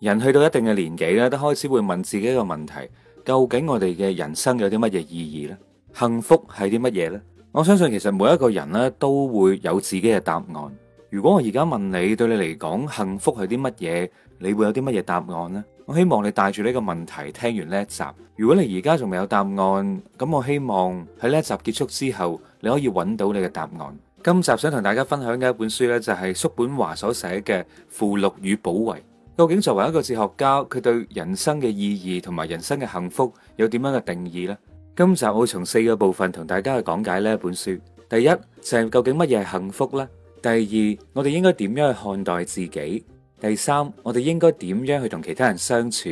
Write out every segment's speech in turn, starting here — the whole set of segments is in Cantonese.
人去到一定嘅年紀咧，都開始會問自己一個問題：究竟我哋嘅人生有啲乜嘢意義呢？幸福係啲乜嘢呢？我相信其實每一個人咧都會有自己嘅答案。如果我而家問你，對你嚟講，幸福係啲乜嘢？你會有啲乜嘢答案呢？我希望你帶住呢個問題聽完呢一集。如果你而家仲未有答案，咁我希望喺呢一集結束之後，你可以揾到你嘅答案。今集想同大家分享嘅一本書呢，就係叔本華所寫嘅《附錄與補遺》。究竟作為一個哲學家，佢對人生嘅意義同埋人生嘅幸福有點樣嘅定義呢？今集我會從四個部分同大家去講解呢本書。第一就係究竟乜嘢係幸福呢？第二我哋應該點樣去看待自己？第三我哋應該點樣去同其他人相處？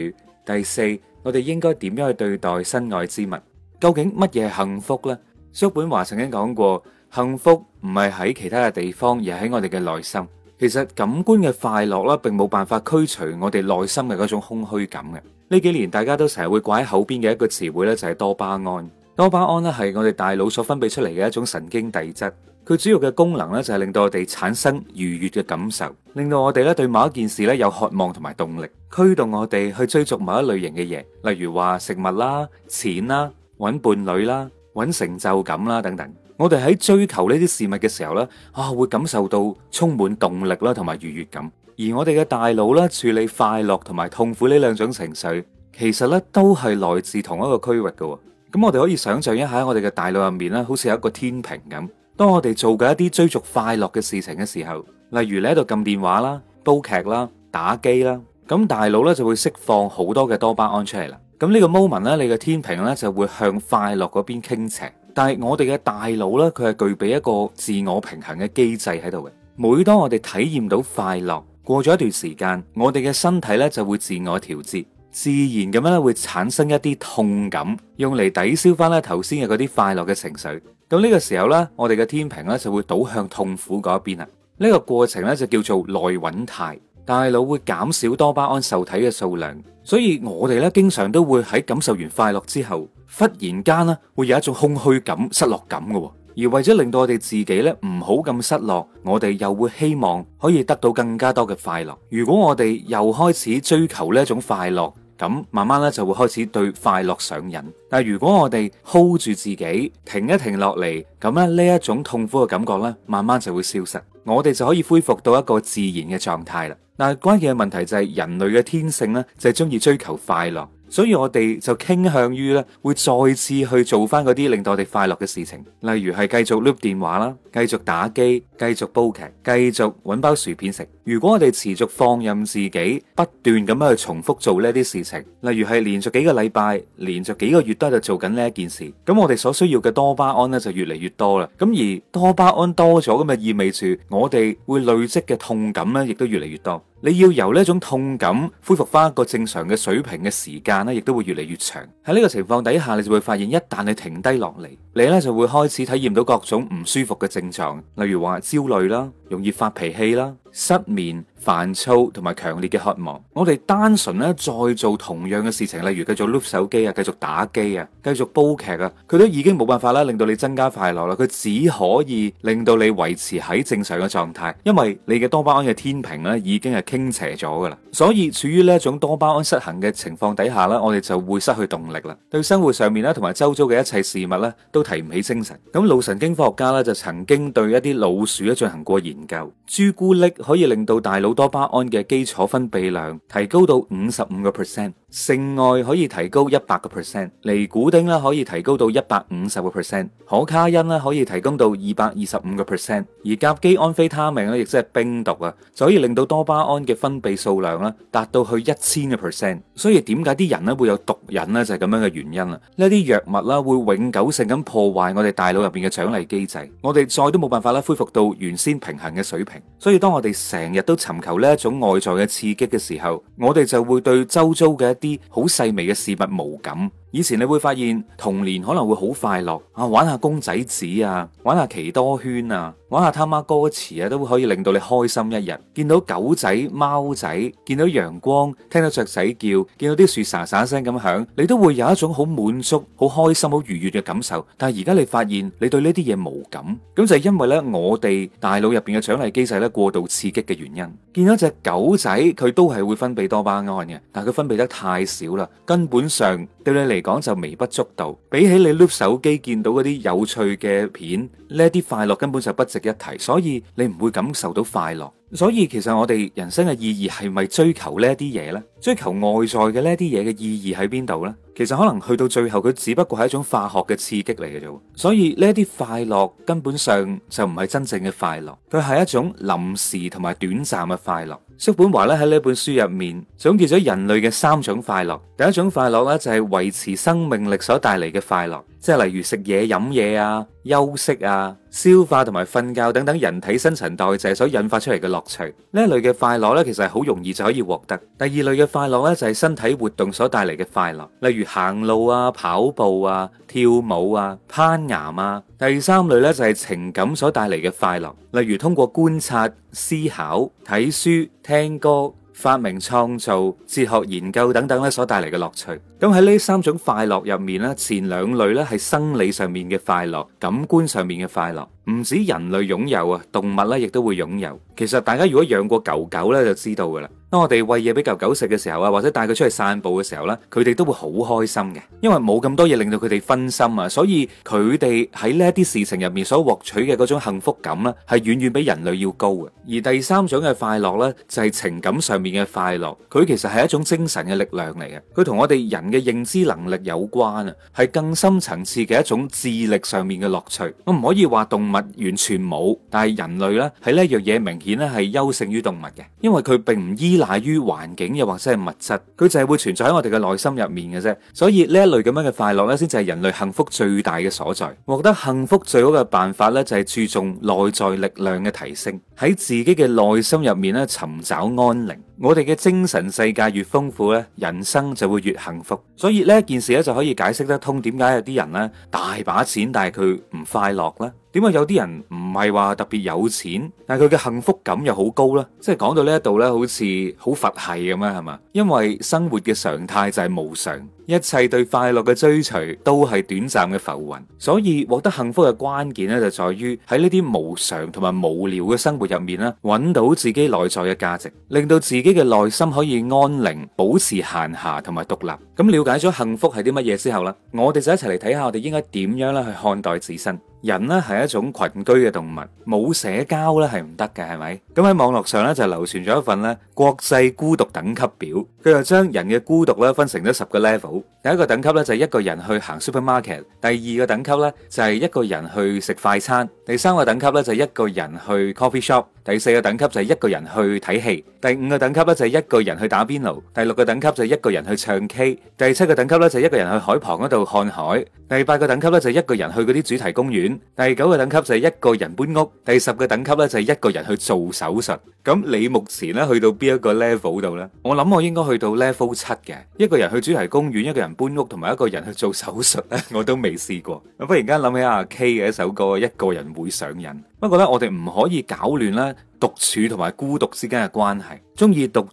第四我哋應該點樣去對待身外之物？究竟乜嘢係幸福呢？叔本華曾經講過：幸福唔係喺其他嘅地方，而喺我哋嘅內心。其實感官嘅快樂啦，並冇辦法驅除我哋內心嘅嗰種空虛感嘅。呢幾年大家都成日會掛喺口邊嘅一個詞彙呢，就係多巴胺。多巴胺咧係我哋大腦所分泌出嚟嘅一種神經遞質，佢主要嘅功能呢，就係令到我哋產生愉悦嘅感受，令到我哋呢對某一件事呢有渴望同埋動力，驅動我哋去追逐某一類型嘅嘢，例如話食物啦、錢啦、揾伴侶啦、揾成就感啦等等。我哋喺追求呢啲事物嘅時候呢啊，會感受到充滿動力啦，同埋愉悅感。而我哋嘅大腦啦，處理快樂同埋痛苦呢兩種情緒，其實呢都係來自同一個區域嘅，哦。咁我哋可以想象一下喺我哋嘅大腦入面呢，好似有一個天平咁。當我哋做緊一啲追逐快樂嘅事情嘅時候，例如你喺度撳電話啦、煲劇啦、打機啦，咁大腦呢就會釋放好多嘅多巴胺出嚟啦。咁呢個 moment 呢，你嘅天平呢就會向快樂嗰邊傾斜。但係我哋嘅大腦咧，佢係具備一個自我平衡嘅機制喺度嘅。每當我哋體驗到快樂，過咗一段時間，我哋嘅身體咧就會自我調節，自然咁樣咧會產生一啲痛感，用嚟抵消翻咧頭先嘅嗰啲快樂嘅情緒。咁呢個時候咧，我哋嘅天平咧就會倒向痛苦嗰一邊啦。呢個過程咧就叫做內穩態，大腦會減少多巴胺受體嘅數量，所以我哋咧經常都會喺感受完快樂之後。忽然間咧，會有一種空虛感、失落感嘅，而為咗令到我哋自己咧唔好咁失落，我哋又會希望可以得到更加多嘅快樂。如果我哋又開始追求呢一種快樂，咁慢慢咧就會開始對快樂上癮。但係如果我哋 hold 住自己，停一停落嚟，咁咧呢一種痛苦嘅感覺咧，慢慢就會消失，我哋就可以恢復到一個自然嘅狀態啦。但係，關鍵嘅問題就係人類嘅天性咧，就係中意追求快樂。所以我哋就傾向於咧，會再次去做翻嗰啲令到我哋快樂嘅事情，例如係繼續碌電話啦，繼續打機，繼續煲劇，繼續揾包薯片食。如果我哋持續放任自己，不斷咁樣去重複做呢啲事情，例如係連續幾個禮拜、連續幾個月都喺度做緊呢一件事，咁我哋所需要嘅多巴胺咧就越嚟越多啦。咁而多巴胺多咗咁嘅意味住，我哋會累積嘅痛感咧，亦都越嚟越多。你要由呢種痛感恢復翻一個正常嘅水平嘅時間咧，亦都會越嚟越長。喺呢個情況底下，你就會發現一旦你停低落嚟，你咧就會開始體驗到各種唔舒服嘅症狀，例如話焦慮啦，容易發脾氣啦。失眠、煩躁同埋強烈嘅渴望，我哋單純咧再做同樣嘅事情，例如繼續碌手機啊，繼續打機啊，繼續煲劇啊，佢都已經冇辦法啦，令到你增加快樂啦，佢只可以令到你維持喺正常嘅狀態，因為你嘅多巴胺嘅天平咧已經係傾斜咗噶啦，所以處於呢一種多巴胺失衡嘅情況底下咧，我哋就會失去動力啦，對生活上面咧同埋周遭嘅一切事物咧都提唔起精神。咁腦神經科學家咧就曾經對一啲老鼠咧進行過研究，朱古力。可以令到大腦多巴胺嘅基礎分泌量提高到五十五個 percent。性愛可以提高一百個 percent，尼古丁咧，可以提高到一百五十個 percent，可卡因咧，可以提供到二百二十五個 percent，而甲基安非他命咧，亦即係冰毒啊，就可以令到多巴胺嘅分泌數量啦，達到去一千個 percent。所以點解啲人咧會有毒癮呢？就係咁樣嘅原因啦。呢啲藥物啦，會永久性咁破壞我哋大腦入邊嘅獎勵機制，我哋再都冇辦法啦，恢復到原先平衡嘅水平。所以當我哋成日都尋求呢一種外在嘅刺激嘅時候，我哋就會對周遭嘅啲好細微嘅事物無感。以前你會發現童年可能會好快樂啊，玩下公仔紙啊，玩下奇多圈啊，玩下他媽哥池啊，都會可以令到你開心一日。見到狗仔、貓仔，見到陽光，聽到雀仔叫，見到啲樹沙沙聲咁響，你都會有一種好滿足、好開心、好愉悅嘅感受。但係而家你發現你對呢啲嘢無感，咁就係因為呢，我哋大腦入邊嘅獎勵機制呢，過度刺激嘅原因。見到隻狗仔佢都係會分泌多巴胺嘅，但係佢分泌得太少啦，根本上對你嚟。嚟講就微不足道，比起你碌手機見到嗰啲有趣嘅片。呢啲快樂根本就不值一提，所以你唔會感受到快樂。所以其實我哋人生嘅意義係咪追求呢啲嘢呢？追求外在嘅呢啲嘢嘅意義喺邊度呢？其實可能去到最後佢只不過係一種化學嘅刺激嚟嘅啫。所以呢啲快樂根本上就唔係真正嘅快樂，佢係一種臨時同埋短暫嘅快樂。叔本華咧喺呢本書入面總結咗人類嘅三種快樂。第一種快樂咧就係、是、維持生命力所帶嚟嘅快樂。即係例如食嘢飲嘢啊、休息啊、消化同埋瞓覺等等，人體新陳代謝所引發出嚟嘅樂趣。呢一類嘅快樂呢，其實係好容易就可以獲得。第二類嘅快樂呢，就係身體活動所帶嚟嘅快樂，例如行路啊、跑步啊、跳舞啊、攀岩啊。第三類呢，就係情感所帶嚟嘅快樂，例如通過觀察、思考、睇書、聽歌。發明創造、哲學研究等等咧，所帶嚟嘅樂趣。咁喺呢三種快樂入面咧，前兩類咧係生理上面嘅快樂、感官上面嘅快樂。唔止人類擁有啊，動物咧亦都會擁有。其實大家如果養過狗狗咧，就知道噶啦。當我哋餵嘢俾狗狗食嘅時候啊，或者帶佢出去散步嘅時候咧，佢哋都會好開心嘅，因為冇咁多嘢令到佢哋分心啊。所以佢哋喺呢一啲事情入面所獲取嘅嗰種幸福感咧，係遠遠比人類要高嘅。而第三種嘅快樂咧，就係情感上面嘅快樂。佢其實係一種精神嘅力量嚟嘅，佢同我哋人嘅認知能力有關啊，係更深層次嘅一種智力上面嘅樂趣。我唔可以話動物。完全冇，但係人類咧喺呢樣嘢，明顯咧係優勝於動物嘅，因為佢並唔依賴於環境又或者係物質，佢就係會存在喺我哋嘅內心入面嘅啫。所以呢一類咁樣嘅快樂咧，先至係人類幸福最大嘅所在。獲得幸福最好嘅辦法咧，就係、是、注重內在力量嘅提升。喺自己嘅內心入面咧，尋找安寧。我哋嘅精神世界越豐富咧，人生就會越幸福。所以呢件事咧，就可以解釋得通點解有啲人咧大把錢，但係佢唔快樂啦。點解有啲人唔係話特別有錢，但係佢嘅幸福感又好高咧？即係講到呢一度咧，好似好佛系咁啊？係嘛，因為生活嘅常態就係無常。一切對快樂嘅追隨都係短暫嘅浮雲，所以獲得幸福嘅關鍵咧，就在於喺呢啲無常同埋無聊嘅生活入面咧，揾到自己內在嘅價值，令到自己嘅內心可以安寧，保持閒暇同埋獨立。咁了解咗幸福係啲乜嘢之後咧，我哋就一齊嚟睇下我哋應該點樣咧去看待自身。人呢，係一種群居嘅動物，冇社交呢，係唔得嘅，係咪？咁喺網絡上呢，就流傳咗一份呢國際孤獨等級表，佢就將人嘅孤獨呢，分成咗十個 level。第一個等級呢，就係一個人去行 supermarket，第二個等級呢，就係一個人去食快餐，第三個等級呢，就係一個人去 coffee shop，第四個等級就係一個人去睇戲，第五個等級呢，就係一個人去打邊爐，第六個等級就係一個人去唱 K，第七個等級呢，就係一個人去海旁嗰度看海，第八個等級呢，就係一個人去嗰啲主題公園。第九個等級就係一個人搬屋，第十個等級咧就係一個人去做手術。咁你目前咧去到邊一個 level 度呢？我諗我應該去到 level 七嘅，一個人去主題公園，一個人搬屋，同埋一個人去做手術咧，我都未試過。咁忽然間諗起阿 K 嘅一首歌《一個人會上癮》，不過咧我哋唔可以搞亂啦獨處同埋孤獨之間嘅關係。中意獨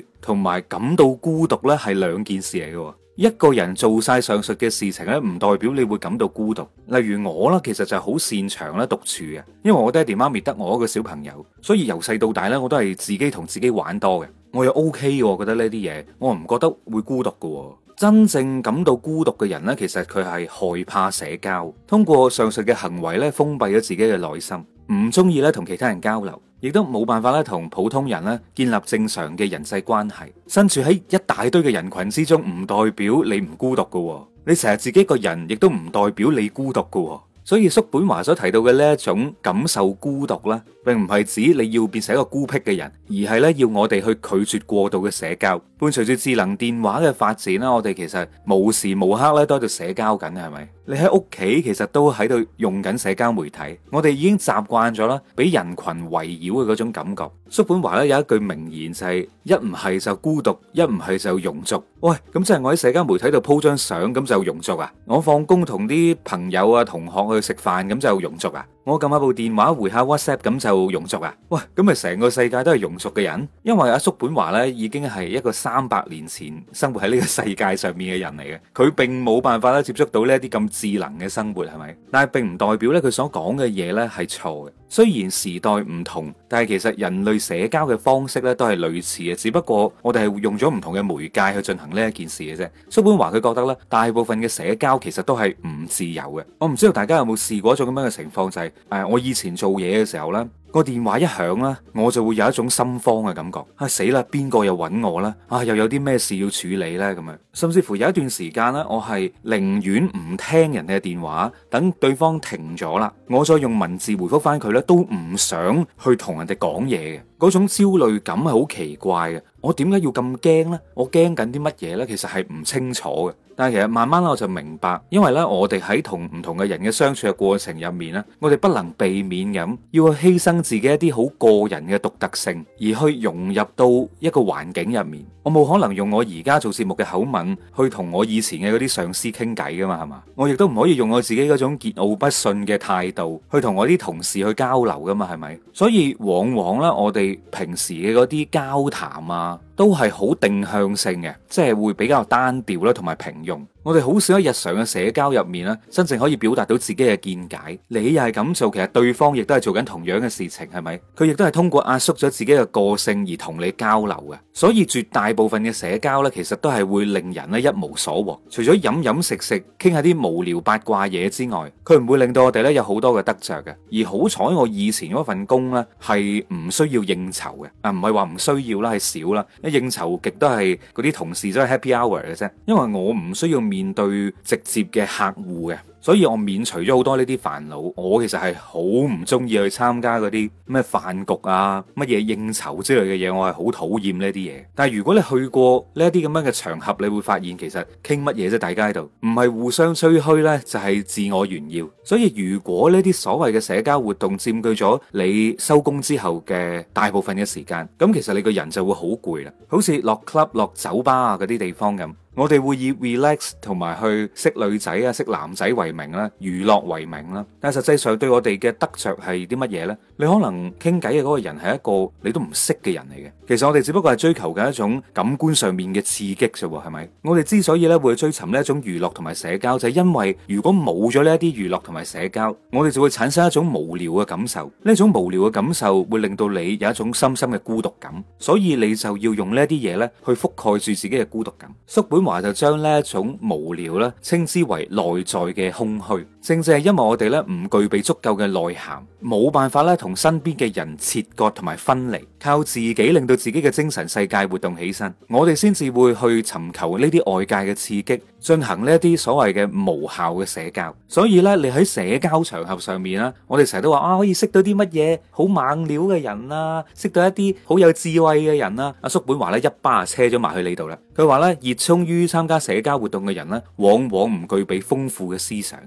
處同埋感到孤獨咧係兩件事嚟嘅。一個人做晒上述嘅事情咧，唔代表你會感到孤獨。例如我啦，其實就好擅長咧獨處嘅，因為我爹哋媽咪得我一個小朋友，所以由細到大咧，我都係自己同自己玩多嘅。我又 OK 嘅，覺得呢啲嘢，我唔覺得會孤獨嘅。真正感到孤獨嘅人呢，其實佢係害怕社交，通過上述嘅行為呢，封閉咗自己嘅內心。唔中意咧同其他人交流，亦都冇辦法咧同普通人咧建立正常嘅人際關係。身處喺一大堆嘅人群之中，唔代表你唔孤獨噶，哦。你成日自己個人，亦都唔代表你孤獨噶，哦。所以叔本華所提到嘅呢一種感受孤獨咧，並唔係指你要變成一個孤僻嘅人，而係咧要我哋去拒絕過度嘅社交。伴隨住智能電話嘅發展啦，我哋其實無時無刻咧都喺度社交緊，係咪？你喺屋企其實都喺度用緊社交媒體，我哋已經習慣咗啦，俾人群圍繞嘅嗰種感覺。叔本華咧有一句名言就係：一唔係就孤獨，一唔係就庸俗。喂，咁即係我喺社交媒體度鋪張相咁就庸俗啊？我放工同啲朋友啊同學去食飯咁就庸俗啊？我撳下部電話回下 WhatsApp 咁就庸俗啊！喂，咁咪成個世界都係庸俗嘅人，因為阿叔本華呢已經係一個三百年前生活喺呢個世界上面嘅人嚟嘅，佢並冇辦法咧接觸到呢啲咁智能嘅生活，係咪？但係並唔代表呢佢所講嘅嘢呢係錯嘅。雖然時代唔同，但係其實人類社交嘅方式咧都係類似嘅，只不過我哋係用咗唔同嘅媒介去進行呢一件事嘅啫。叔本華佢覺得咧，大部分嘅社交其實都係唔自由嘅。我唔知道大家有冇試過一種咁樣嘅情況，就係誒我以前做嘢嘅時候咧。個電話一響啦，我就會有一種心慌嘅感覺。啊死啦，邊個又搵我呢？啊，又有啲咩事要處理呢？」咁樣，甚至乎有一段時間呢，我係寧願唔聽人哋嘅電話，等對方停咗啦，我再用文字回覆翻佢呢，都唔想去同人哋講嘢嘅。嗰種焦慮感係好奇怪嘅。我點解要咁驚呢？我驚緊啲乜嘢呢？其實係唔清楚嘅。但係其實慢慢我就明白，因為咧我哋喺同唔同嘅人嘅相處嘅過程入面咧，我哋不能避免咁要去犧牲自己一啲好個人嘅獨特性，而去融入到一個環境入面。我冇可能用我而家做節目嘅口吻去同我以前嘅嗰啲上司傾偈噶嘛，係嘛？我亦都唔可以用我自己嗰種桀驁不馴嘅態度去同我啲同事去交流噶嘛，係咪？所以往往咧，我哋平時嘅嗰啲交談啊。都係好定向性嘅，即係會比較單調啦，同埋平庸。我哋好少喺日常嘅社交入面啦，真正可以表達到自己嘅見解。你又係噉做，其實對方亦都係做緊同樣嘅事情，係咪？佢亦都係通過壓縮咗自己嘅個性而同你交流嘅。所以絕大部分嘅社交呢，其實都係會令人呢一無所獲。除咗飲飲食食、傾下啲無聊八卦嘢之外，佢唔會令到我哋呢有好多嘅得著嘅。而好彩我以前嗰份工呢係唔需要應酬嘅，啊唔係話唔需要啦，係少啦。應酬極都係嗰啲同事都係 happy hour 嘅啫。因為我唔需要，面對直接嘅客戶嘅，所以我免除咗好多呢啲煩惱。我其實係好唔中意去參加嗰啲咩飯局啊、乜嘢應酬之類嘅嘢，我係好討厭呢啲嘢。但係如果你去過呢一啲咁樣嘅場合，你會發現其實傾乜嘢啫？大家喺度唔係互相吹噓呢，就係自我炫耀。所以如果呢啲所謂嘅社交活動佔據咗你收工之後嘅大部分嘅時間，咁其實你個人就會好攰啦。好似落 club、落酒吧啊嗰啲地方咁。我哋會以 relax 同埋去識女仔啊，識男仔為名啦，娛樂為名啦，但係實際上對我哋嘅得着係啲乜嘢咧？你可能傾偈嘅嗰個人係一個你都唔識嘅人嚟嘅。其實我哋只不過係追求嘅一種感官上面嘅刺激啫，係咪？我哋之所以咧會追尋呢一種娛樂同埋社交，就係因為如果冇咗呢一啲娛樂同埋社交，我哋就會產生一種無聊嘅感受。呢一種無聊嘅感受會令到你有一種深深嘅孤獨感，所以你就要用呢一啲嘢咧去覆蓋住自己嘅孤獨感。叔本華。就將呢一種無聊咧，稱之為內在嘅空虛。正正係因為我哋咧唔具備足夠嘅內涵，冇辦法咧同身邊嘅人切割同埋分離，靠自己令到自己嘅精神世界活動起身，我哋先至會去尋求呢啲外界嘅刺激，進行呢一啲所謂嘅無效嘅社交。所以咧，你喺社交場合上面啊，我哋成日都話啊，可以識到啲乜嘢好猛料嘅人啊，識到一啲好有智慧嘅人啊。阿、啊、叔本華咧一巴啊車咗埋去呢度啦。佢話咧，熱衷於參加社交活動嘅人咧，往往唔具備豐富嘅思想，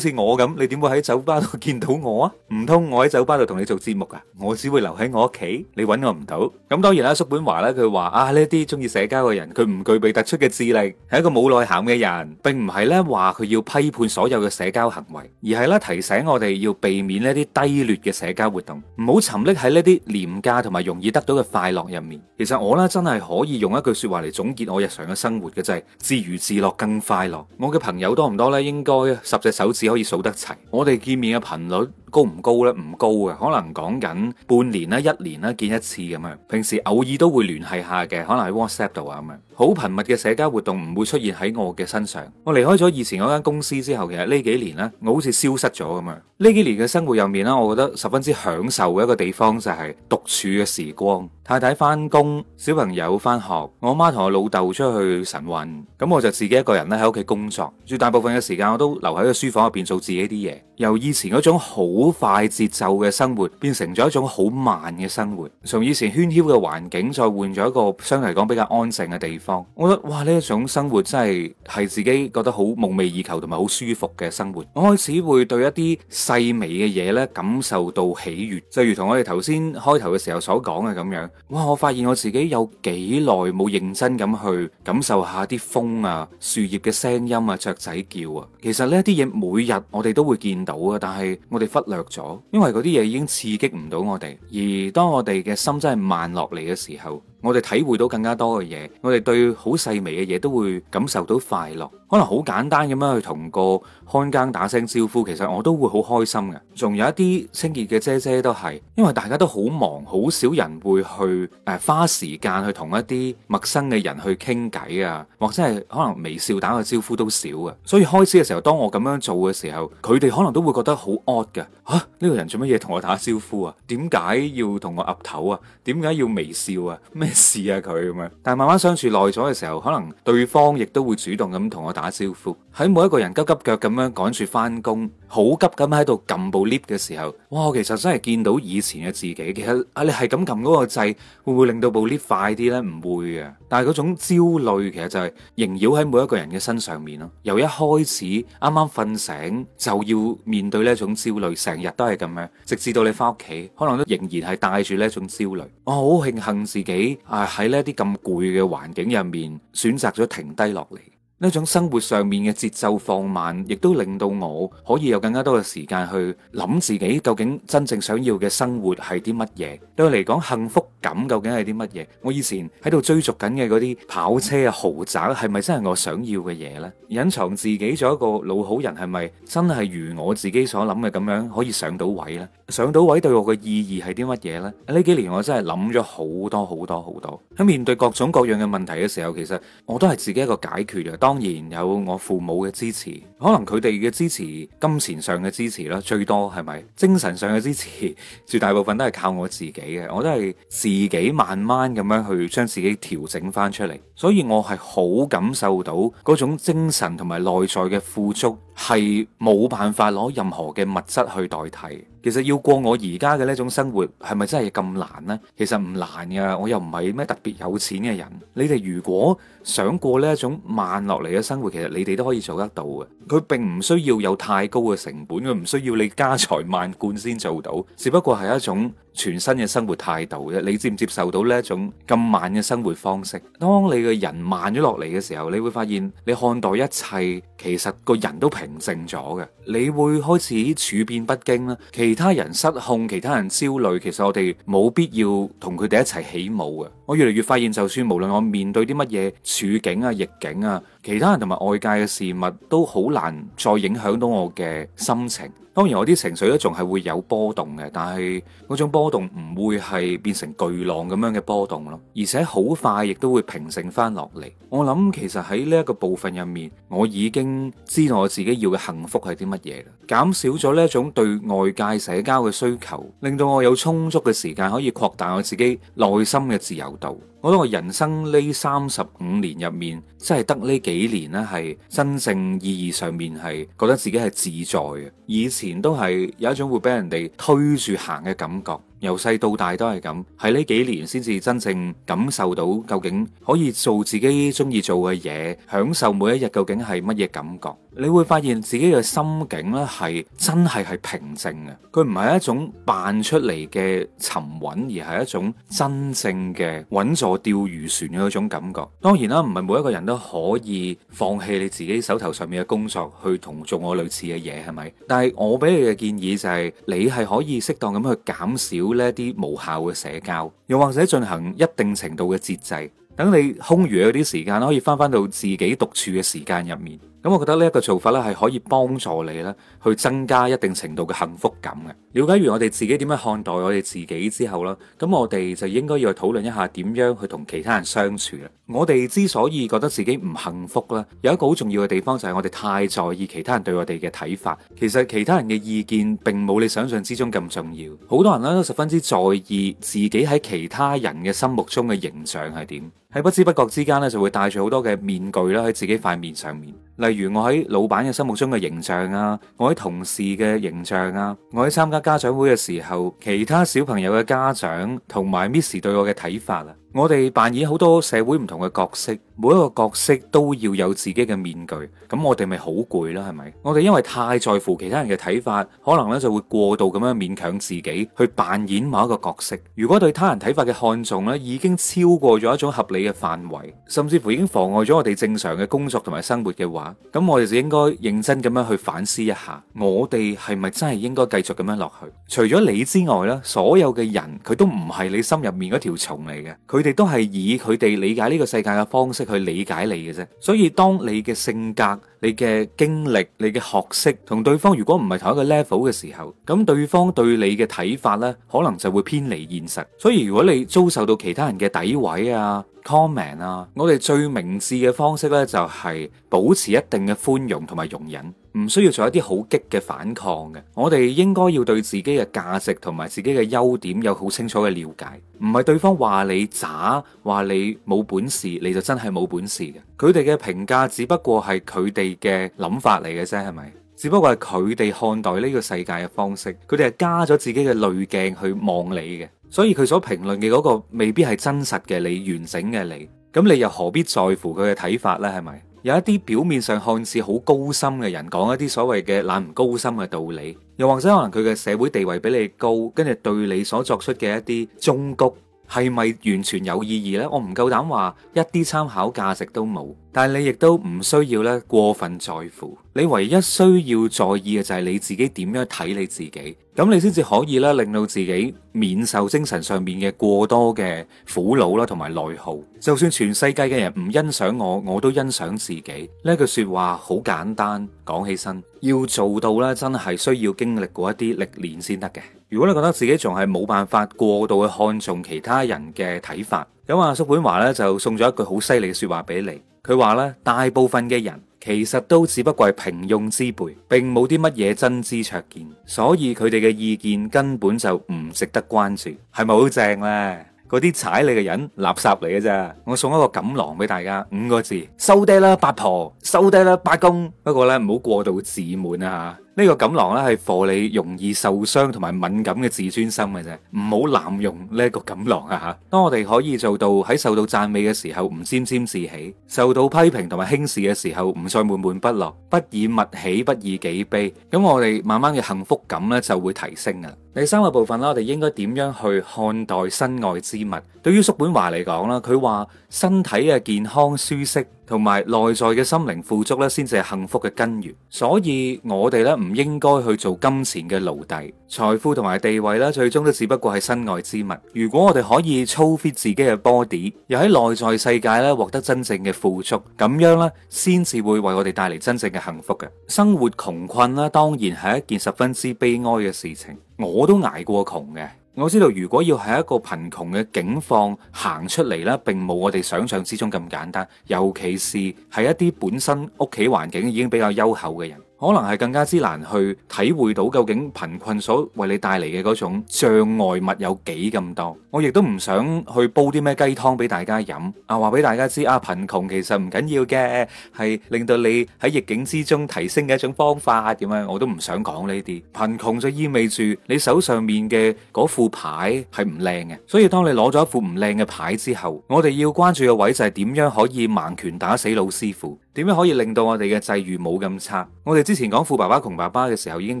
好似我咁，你點會喺酒吧度見到我啊？唔通我喺酒吧度同你做節目啊？我只會留喺我屋企，你搵我唔到。咁當然啦，叔本華咧，佢話啊呢啲中意社交嘅人，佢唔具備突出嘅智力，係一個冇內涵嘅人，並唔係咧話佢要批判所有嘅社交行為，而係咧提醒我哋要避免呢啲低劣嘅社交活動，唔好沉溺喺呢啲廉價同埋容易得到嘅快樂入面。其實我咧真係可以用一句說話嚟總結我日常嘅生活嘅，就係自娛自樂更快樂。我嘅朋友多唔多咧？應該十隻手指。可以數得齊，我哋見面嘅頻率，高唔高咧？唔高嘅，可能講緊半年啦、一年啦見一次咁樣，平時偶爾都會聯繫下嘅，可能喺 WhatsApp 度啊咁樣，好頻密嘅社交活動唔會出現喺我嘅身上。我離開咗以前嗰間公司之後，其實呢幾年咧，我好似消失咗咁樣。呢幾年嘅生活入面咧，我覺得十分之享受嘅一個地方就係獨處嘅時光。太太翻工，小朋友翻學，我媽同我老豆出去晨運，咁我就自己一個人咧喺屋企工作，絕大部分嘅時間我都留喺個書房入邊做自己啲嘢。由以前嗰種好。好快節奏嘅生活變成咗一種好慢嘅生活，從以前喧囂嘅環境再換咗一個相對嚟講比較安靜嘅地方。我覺得哇，呢一種生活真係係自己覺得好夢寐以求同埋好舒服嘅生活。我開始會對一啲細微嘅嘢呢感受到喜悦，就如同我哋頭先開頭嘅時候所講嘅咁樣。哇！我發現我自己有幾耐冇認真咁去感受下啲風啊、樹葉嘅聲音啊、雀仔叫啊。其實呢啲嘢每日我哋都會見到啊，但係我哋忽略。略咗，因為嗰啲嘢已經刺激唔到我哋。而當我哋嘅心真係慢落嚟嘅時候，我哋體會到更加多嘅嘢，我哋對好細微嘅嘢都會感受到快樂。可能好簡單咁樣去同個看更打聲招呼，其實我都會好開心嘅。仲有一啲清潔嘅姐姐都係，因為大家都好忙，好少人會去誒、呃、花時間去同一啲陌生嘅人去傾偈啊，或者係可能微笑打個招呼都少嘅。所以開始嘅時候，當我咁樣做嘅時候，佢哋可能都會覺得好 odd 㗎。嚇、啊、呢、這個人做乜嘢同我打招呼啊？點解要同我岌頭啊？點解要微笑啊？咩？試下佢咁樣，但係慢慢相處耐咗嘅時候，可能對方亦都會主動咁同我打招呼。喺每一個人急急腳咁樣趕住翻工，好急咁喺度撳部 lift 嘅時候，哇！其實真係見到以前嘅自己。其實啊，你係咁撳嗰個掣，會唔會令到部 lift 快啲呢？唔會啊。但係嗰種焦慮，其實就係縈繞喺每一個人嘅身上面咯。由一開始啱啱瞓醒就要面對呢一種焦慮，成日都係咁樣，直至到你翻屋企，可能都仍然係帶住呢一種焦慮。我好慶幸自己。啊！喺呢一啲咁攰嘅環境入面，選擇咗停低落嚟。呢種生活上面嘅節奏放慢，亦都令到我可以有更加多嘅時間去諗自己究竟真正想要嘅生活係啲乜嘢？對我嚟講，幸福感究竟係啲乜嘢？我以前喺度追逐緊嘅嗰啲跑車啊、豪宅，係咪真係我想要嘅嘢呢？隱藏自己做一個老好人，係咪真係如我自己所諗嘅咁樣可以上到位呢？上到位對我嘅意義係啲乜嘢呢？呢幾年我真係諗咗好多好多好多。喺面對各種各樣嘅問題嘅時候，其實我都係自己一個解決嘅。當然有我父母嘅支持，可能佢哋嘅支持，金錢上嘅支持啦，最多係咪？精神上嘅支持，絕大部分都係靠我自己嘅，我都係自己慢慢咁樣去將自己調整翻出嚟，所以我係好感受到嗰種精神同埋內在嘅富足。係冇辦法攞任何嘅物質去代替。其實要過我而家嘅呢種生活，係咪真係咁難呢？其實唔難嘅，我又唔係咩特別有錢嘅人。你哋如果想過呢一種慢落嚟嘅生活，其實你哋都可以做得到嘅。佢並唔需要有太高嘅成本，佢唔需要你家財萬貫先做到。只不過係一種全新嘅生活態度啫，你接唔接受到呢一種咁慢嘅生活方式？當你嘅人慢咗落嚟嘅時候，你會發現你看待一切其實個人都平靜咗嘅，你會開始處變不驚啦。其他人失控，其他人焦慮，其實我哋冇必要同佢哋一齊起，起舞嘅。我越嚟越發現，就算無論我面對啲乜嘢處境啊、逆境啊，其他人同埋外界嘅事物都好難再影響到我嘅心情。當然我啲情緒咧仲係會有波動嘅，但係嗰種波動唔會係變成巨浪咁樣嘅波動咯。而且好快亦都會平靜翻落嚟。我諗其實喺呢一個部分入面，我已經知道我自己要嘅幸福係啲乜嘢啦。減少咗呢一種對外界社交嘅需求，令到我有充足嘅時間可以擴大我自己內心嘅自由度。我諗我人生呢三十五年入面，真係得呢幾年呢，係真正意義上面係覺得自己係自在嘅。以前都係有一種會俾人哋推住行嘅感覺。由細到大都係咁，喺呢幾年先至真正感受到究竟可以做自己中意做嘅嘢，享受每一日究竟係乜嘢感覺？你會發現自己嘅心境咧係真係係平靜嘅，佢唔係一種扮出嚟嘅沉穩，而係一種真正嘅穩坐釣魚船嘅嗰種感覺。當然啦，唔係每一個人都可以放棄你自己手頭上面嘅工作去同做我類似嘅嘢，係咪？但係我俾你嘅建議就係，你係可以適當咁去減少。呢一啲無效嘅社交，又或者進行一定程度嘅節制，等你空餘嘅啲時間可以翻翻到自己獨處嘅時間入面。咁我覺得呢一個做法咧，係可以幫助你咧，去增加一定程度嘅幸福感嘅。瞭解完我哋自己點樣看待我哋自己之後啦，咁我哋就應該要去討論一下點樣去同其他人相處啦。我哋之所以覺得自己唔幸福啦，有一個好重要嘅地方就係我哋太在意其他人對我哋嘅睇法。其實其他人嘅意見並冇你想像之中咁重要。好多人咧都十分之在意自己喺其他人嘅心目中嘅形象係點。喺不知不覺之間咧，就會帶住好多嘅面具啦，喺自己塊面上面。例如我喺老闆嘅心目中嘅形象啊，我喺同事嘅形象啊，我喺參加家長會嘅時候，其他小朋友嘅家長同埋 Miss 對我嘅睇法啊。我哋扮演好多社會唔同嘅角色，每一個角色都要有自己嘅面具，咁我哋咪好攰啦，係咪？我哋因為太在乎其他人嘅睇法，可能咧就會過度咁樣勉強自己去扮演某一個角色。如果對他人睇法嘅看重咧已經超過咗一種合理嘅範圍，甚至乎已經妨礙咗我哋正常嘅工作同埋生活嘅話，咁我哋就應該認真咁樣去反思一下，我哋係咪真係應該繼續咁樣落去？除咗你之外咧，所有嘅人佢都唔係你心入面嗰條蟲嚟嘅，佢哋都係以佢哋理解呢個世界嘅方式去理解你嘅啫，所以當你嘅性格、你嘅經歷、你嘅學識同對方如果唔係同一個 level 嘅時候，咁對方對你嘅睇法呢，可能就會偏離現實。所以如果你遭受到其他人嘅詆毀啊，comment 啊，我哋最明智嘅方式呢，就係保持一定嘅寬容同埋容忍，唔需要做一啲好激嘅反抗嘅。我哋應該要對自己嘅價值同埋自己嘅優點有好清楚嘅了解，唔係對方話你渣，話你冇本事，你就真係冇本事嘅。佢哋嘅評價只不過係佢哋嘅諗法嚟嘅啫，係咪？只不過係佢哋看待呢個世界嘅方式，佢哋係加咗自己嘅濾鏡去望你嘅。所以佢所評論嘅嗰個未必係真實嘅你，完整嘅你，咁你又何必在乎佢嘅睇法呢？係咪有一啲表面上看似好高深嘅人講一啲所謂嘅懶唔高深嘅道理，又或者可能佢嘅社會地位比你高，跟住對你所作出嘅一啲忠告。係咪完全有意義呢？我唔夠膽話一啲參考價值都冇，但係你亦都唔需要咧過分在乎。你唯一需要在意嘅就係你自己點樣睇你自己，咁你先至可以咧令到自己免受精神上面嘅過多嘅苦惱啦，同埋內耗。就算全世界嘅人唔欣賞我，我都欣賞自己。呢句説話好簡單，講起身，要做到咧真係需要經歷過一啲歷練先得嘅。如果你覺得自己仲係冇辦法過度去看重其他人嘅睇法，咁阿、啊、叔本華咧就送咗一句好犀利嘅說話俾你。佢話咧，大部分嘅人其實都只不過係平庸之輩，並冇啲乜嘢真知灼見，所以佢哋嘅意見根本就唔值得關注。係咪好正咧？嗰啲踩你嘅人，垃圾嚟嘅啫。我送一個錦囊俾大家，五個字：收爹啦八婆，收爹啦八公。不過咧，唔好過度自滿啊。呢個錦囊咧係防你容易受傷同埋敏感嘅自尊心嘅啫，唔好濫用呢一個錦囊啊！吓，當我哋可以做到喺受到讚美嘅時候唔沾沾自喜，受到批評同埋輕視嘅時候唔再悶悶不樂，不以物喜，不以己悲，咁我哋慢慢嘅幸福感咧就會提升噶啦。第三個部分啦，我哋應該點樣去看待身外之物？對於叔本華嚟講啦，佢話，身體嘅健康舒適，同埋內在嘅心靈富足咧，先至係幸福嘅根源。所以我哋咧唔應該去做金錢嘅奴隸，財富同埋地位咧，最終都只不過係身外之物。如果我哋可以操 fit 自己嘅 body，又喺內在世界咧獲得真正嘅富足，咁樣咧先至會為我哋帶嚟真正嘅幸福嘅。生活窮困啦，當然係一件十分之悲哀嘅事情。我都捱過窮嘅。我知道，如果要喺一個貧窮嘅境況行出嚟咧，並冇我哋想象之中咁簡單，尤其是係一啲本身屋企環境已經比較優厚嘅人。可能係更加之難去體會到究竟貧困所為你帶嚟嘅嗰種障礙物有幾咁多。我亦都唔想去煲啲咩雞湯俾大家飲。啊，話俾大家知啊，貧窮其實唔緊要嘅，係令到你喺逆境之中提升嘅一種方法。點樣我都唔想講呢啲。貧窮就意味住你手上面嘅嗰副牌係唔靚嘅。所以當你攞咗一副唔靚嘅牌之後，我哋要關注嘅位就係點樣可以盲拳打死老師傅。點樣可以令到我哋嘅際遇冇咁差？我哋之前講富爸爸窮爸爸嘅時候已經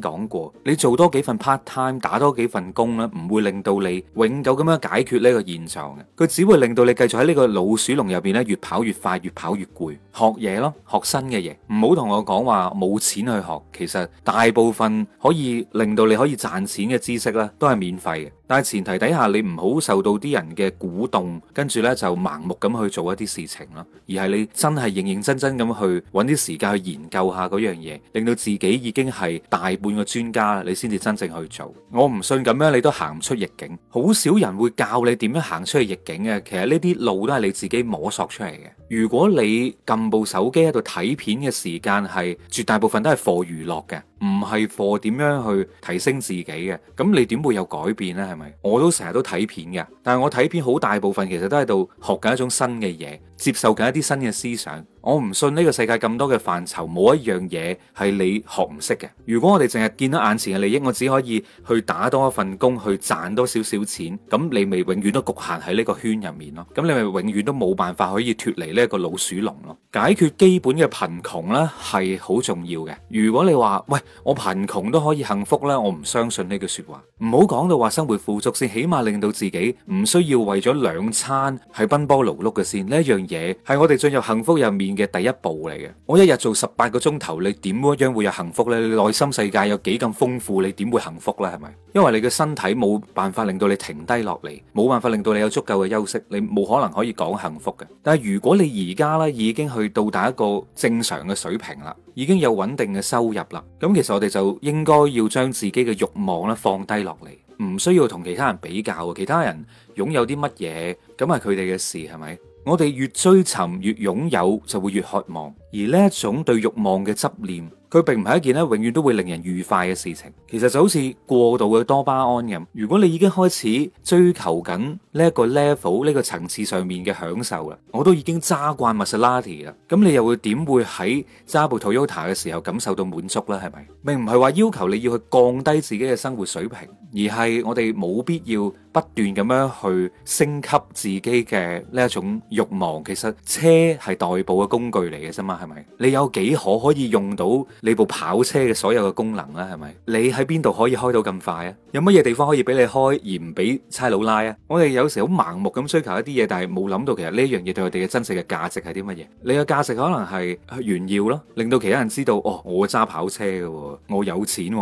講過，你做多幾份 part time 打多幾份工咧，唔會令到你永久咁樣解決呢個現狀嘅，佢只會令到你繼續喺呢個老鼠籠入邊咧越跑越快，越跑越攰。學嘢咯，學新嘅嘢，唔好同我講話冇錢去學。其實大部分可以令到你可以賺錢嘅知識咧，都係免費嘅。但係前提底下，你唔好受到啲人嘅鼓動，跟住呢就盲目咁去做一啲事情咯。而係你真係認認真真咁去揾啲時間去研究下嗰樣嘢，令到自己已經係大半個專家啦，你先至真正去做。我唔信咁樣你都行唔出逆境。好少人會教你點樣行出去逆境嘅。其實呢啲路都係你自己摸索出嚟嘅。如果你撳部手機喺度睇片嘅時間係絕大部分都係 for 娛樂嘅。唔係課點樣去提升自己嘅，咁你點會有改變呢？係咪？我都成日都睇片嘅，但係我睇片好大部分其實都喺度學緊一種新嘅嘢，接受緊一啲新嘅思想，我唔信呢個世界咁多嘅範疇，冇一樣嘢係你學唔識嘅。如果我哋淨係見到眼前嘅利益，我只可以去打多一份工，去賺多少少錢，咁你咪永遠都局限喺呢個圈入面咯。咁你咪永遠都冇辦法可以脫離呢個老鼠籠咯。解決基本嘅貧窮呢係好重要嘅。如果你話喂，我貧窮都可以幸福呢，我唔相信呢句說話。唔好講到話生活富足先，起碼令到自己唔需要為咗兩餐係奔波勞碌嘅，先呢一樣嘢係我哋進入幸福入面嘅第一步嚟嘅。我一日做十八個鐘頭，你點樣樣會有幸福咧？你內心世界有幾咁豐富，你點會幸福咧？係咪？因為你嘅身體冇辦法令到你停低落嚟，冇辦法令到你有足夠嘅休息，你冇可能可以講幸福嘅。但係如果你而家咧已經去到達一個正常嘅水平啦，已經有穩定嘅收入啦，咁其實我哋就應該要將自己嘅欲望咧放低落嚟，唔需要同其他人比較，其他人擁有啲乜嘢，咁係佢哋嘅事，係咪？我哋越追尋越擁有，就會越渴望。而呢一種對欲望嘅執念，佢並唔係一件咧永遠都會令人愉快嘅事情。其實就好似過度嘅多巴胺咁。如果你已經開始追求緊呢一個 level 呢個層次上面嘅享受啦，我都已經揸慣 Maserati 啦。咁你又會點會喺揸部 Toyota 嘅時候感受到滿足呢？係咪？並唔係話要求你要去降低自己嘅生活水平，而係我哋冇必要。不斷咁樣去升級自己嘅呢一種慾望，其實車係代步嘅工具嚟嘅啫嘛，係咪？你有幾可可以用到你部跑車嘅所有嘅功能咧？係咪？你喺邊度可以開到咁快啊？有乜嘢地方可以俾你開而唔俾差佬拉啊？我哋有時好盲目咁追求一啲嘢，但係冇諗到其實呢一樣嘢對我哋嘅真實嘅價值係啲乜嘢？你嘅價值可能係炫耀咯，令到其他人知道哦，我揸跑車嘅，我有錢，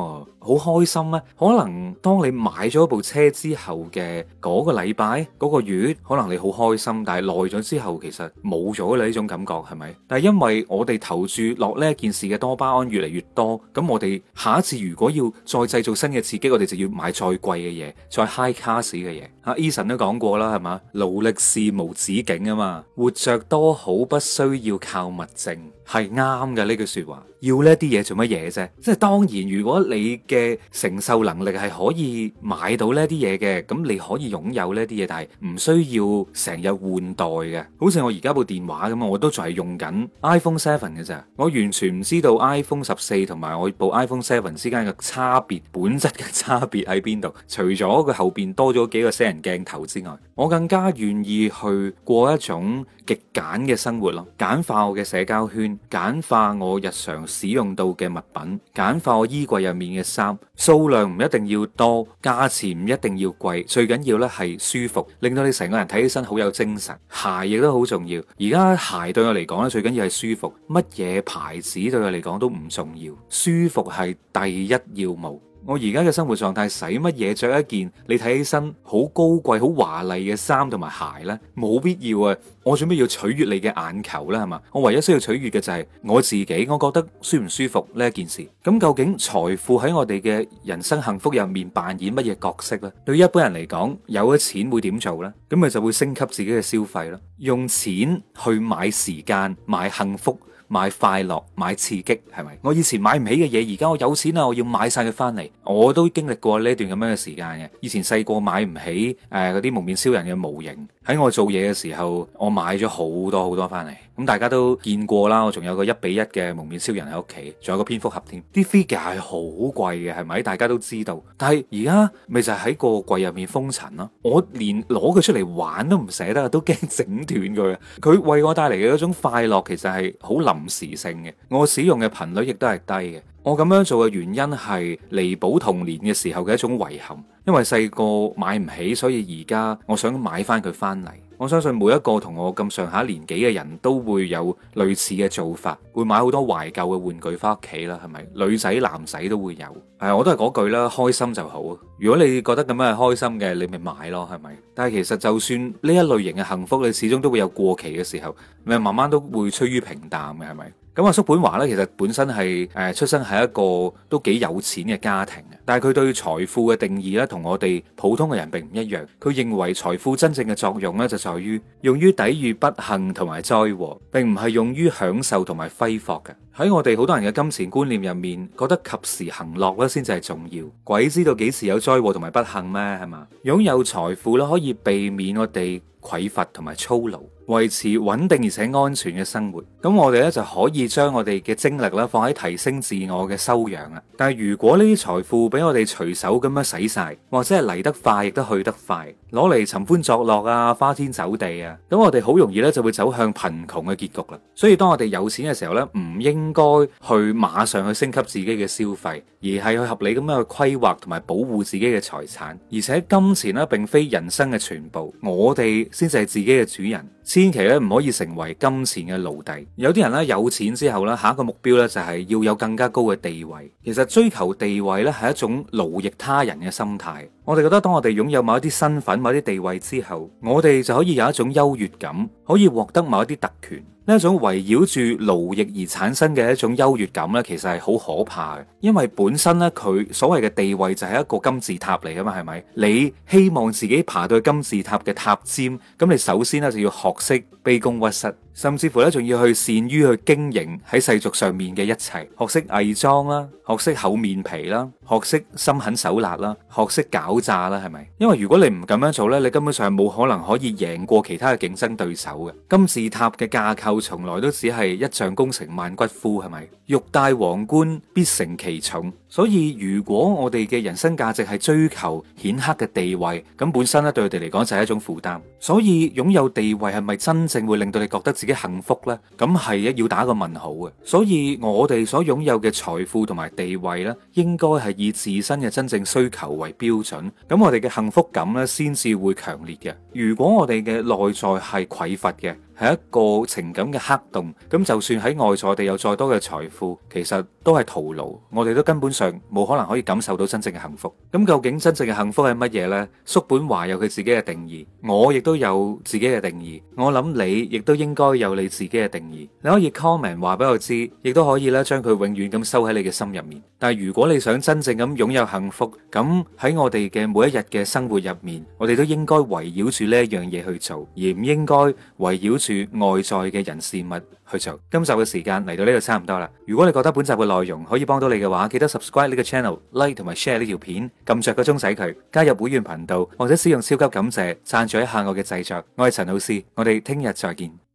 好開心啊！可能當你買咗部車之後。嘅嗰個禮拜嗰個月，可能你好開心，但係耐咗之後，其實冇咗呢種感覺，係咪？但係因為我哋投注落呢件事嘅多巴胺越嚟越多，咁我哋下一次如果要再製造新嘅刺激，我哋就要買再貴嘅嘢，再 high class 嘅嘢。阿 Eason 都講過啦，係嘛勞力是無止境啊嘛，活着多好，不需要靠物證，係啱嘅呢句說話。要呢啲嘢做乜嘢啫？即係當然，如果你嘅承受能力係可以買到呢啲嘢嘅，咁你可以擁有呢啲嘢，但係唔需要成日換代嘅。好似我而家部電話咁啊，我都仲係用緊 iPhone Seven 嘅咋。我完全唔知道 iPhone 十四同埋我部 iPhone Seven 之間嘅差別、本質嘅差別喺邊度？除咗佢後邊多咗幾個死人鏡頭之外，我更加願意去過一種極簡嘅生活咯，簡化我嘅社交圈，簡化我日常使用到嘅物品，簡化我衣櫃入面嘅衫，數量唔一定要多，價錢唔一定要貴，最緊要呢係舒服，令到你成個人睇起身好有精神。鞋亦都好重要，而家鞋對我嚟講呢，最緊要係舒服，乜嘢牌子對我嚟講都唔重要，舒服係第一要務。我而家嘅生活狀態，使乜嘢着一件你睇起身好高貴、好華麗嘅衫同埋鞋呢，冇必要啊！我做咩要取悅你嘅眼球啦，係嘛？我唯一需要取悅嘅就係我自己，我覺得舒唔舒服呢一件事。咁究竟財富喺我哋嘅人生幸福入面扮演乜嘢角色呢？對一般人嚟講，有咗錢會點做呢？咁咪就會升級自己嘅消費囉，用錢去買時間，買幸福。買快樂，買刺激，係咪？我以前買唔起嘅嘢，而家我有錢啦，我要買晒佢翻嚟。我都經歷過呢段咁樣嘅時間嘅。以前細個買唔起誒嗰啲蒙面超人嘅模型，喺我做嘢嘅時候，我買咗好多好多翻嚟。咁大家都見過啦，我仲有個一比一嘅蒙面超人喺屋企，仲有個蝙蝠俠添，啲 figure 係好貴嘅，係咪？大家都知道，但係而家咪就係喺個櫃入面封塵咯。我連攞佢出嚟玩都唔捨得，都驚整斷佢。佢為我帶嚟嘅一種快樂，其實係好臨時性嘅。我使用嘅頻率亦都係低嘅。我咁樣做嘅原因係彌補童年嘅時候嘅一種遺憾，因為細個買唔起，所以而家我想買翻佢翻嚟。我相信每一個同我咁上下年紀嘅人都會有類似嘅做法，會買好多懷舊嘅玩具返屋企啦，係咪？女仔男仔都會有，誒、哎，我都係嗰句啦，開心就好。如果你覺得咁樣係開心嘅，你咪買咯，係咪？但係其實就算呢一類型嘅幸福，你始終都會有過期嘅時候，你慢慢都會趨於平淡嘅，係咪？咁啊，叔本華咧，其實本身係誒、呃、出生喺一個都幾有錢嘅家庭嘅，但係佢對財富嘅定義咧，同我哋普通嘅人並唔一樣。佢認為財富真正嘅作用咧，就在於用於抵禦不幸同埋災禍，並唔係用於享受同埋揮霍嘅。喺我哋好多人嘅金錢觀念入面，覺得及時行樂咧，先至係重要。鬼知道幾時有災禍同埋不幸咩？係嘛，擁有財富咧，可以避免我哋匱乏同埋操勞。維持穩定而且安全嘅生活，咁我哋咧就可以將我哋嘅精力咧放喺提升自我嘅修養啦。但係如果呢啲財富俾我哋隨手咁樣洗晒，或者係嚟得快亦都去得快。攞嚟尋歡作樂啊，花天酒地啊，咁我哋好容易咧就會走向貧窮嘅結局啦。所以當我哋有錢嘅時候咧，唔應該去馬上去升級自己嘅消費，而係去合理咁樣去規劃同埋保護自己嘅財產。而且金錢咧並非人生嘅全部，我哋先至係自己嘅主人，千祈咧唔可以成為金錢嘅奴隸。有啲人咧有錢之後咧，下一個目標咧就係要有更加高嘅地位。其實追求地位咧係一種奴役他人嘅心態。我哋覺得，當我哋擁有某一啲身份、某一啲地位之後，我哋就可以有一種優越感，可以獲得某一啲特權。呢種圍繞住勞役而產生嘅一種優越感呢，其實係好可怕嘅，因為本身呢，佢所謂嘅地位就係一個金字塔嚟㗎嘛，係咪？你希望自己爬到金字塔嘅塔尖，咁你首先呢就要學識卑躬屈膝，甚至乎呢仲要去善於去經營喺世俗上面嘅一切，學識偽裝啦，學識厚面皮啦，學識心狠手辣啦，學識狡詐啦，係咪？因為如果你唔咁樣做呢，你根本上冇可能可以贏過其他嘅競爭對手嘅金字塔嘅架構。從來都只係一將功成萬骨枯，係咪？欲戴皇冠，必承其重。所以如果我哋嘅人生價值係追求顯赫嘅地位，咁本身咧對我哋嚟講就係一種負擔。所以擁有地位係咪真正會令到你覺得自己幸福咧？咁係一要打個問號嘅。所以我哋所擁有嘅財富同埋地位咧，應該係以自身嘅真正需求為標準。咁我哋嘅幸福感咧，先至會強烈嘅。如果我哋嘅內在係匱乏嘅，係一個情感嘅黑洞，咁就算喺外在地有再多嘅財富，其實都係徒勞。我哋都根本。上冇可能可以感受到真正嘅幸福。咁究竟真正嘅幸福係乜嘢呢？叔本華有佢自己嘅定義，我亦都有自己嘅定義。我諗你亦都應該有你自己嘅定義。你可以 comment 話俾我知，亦都可以咧將佢永遠咁收喺你嘅心入面。但係如果你想真正咁擁有幸福，咁喺我哋嘅每一日嘅生活入面，我哋都應該圍繞住呢一樣嘢去做，而唔應該圍繞住外在嘅人事物。去做，今集嘅時間嚟到呢度差唔多啦。如果你覺得本集嘅內容可以幫到你嘅話，記得 subscribe 呢個 channel、like 同埋 share 呢條片，撳着個鐘仔佢，加入會員頻道或者使用超級感謝贊助一下我嘅製作。我係陳老師，我哋聽日再見。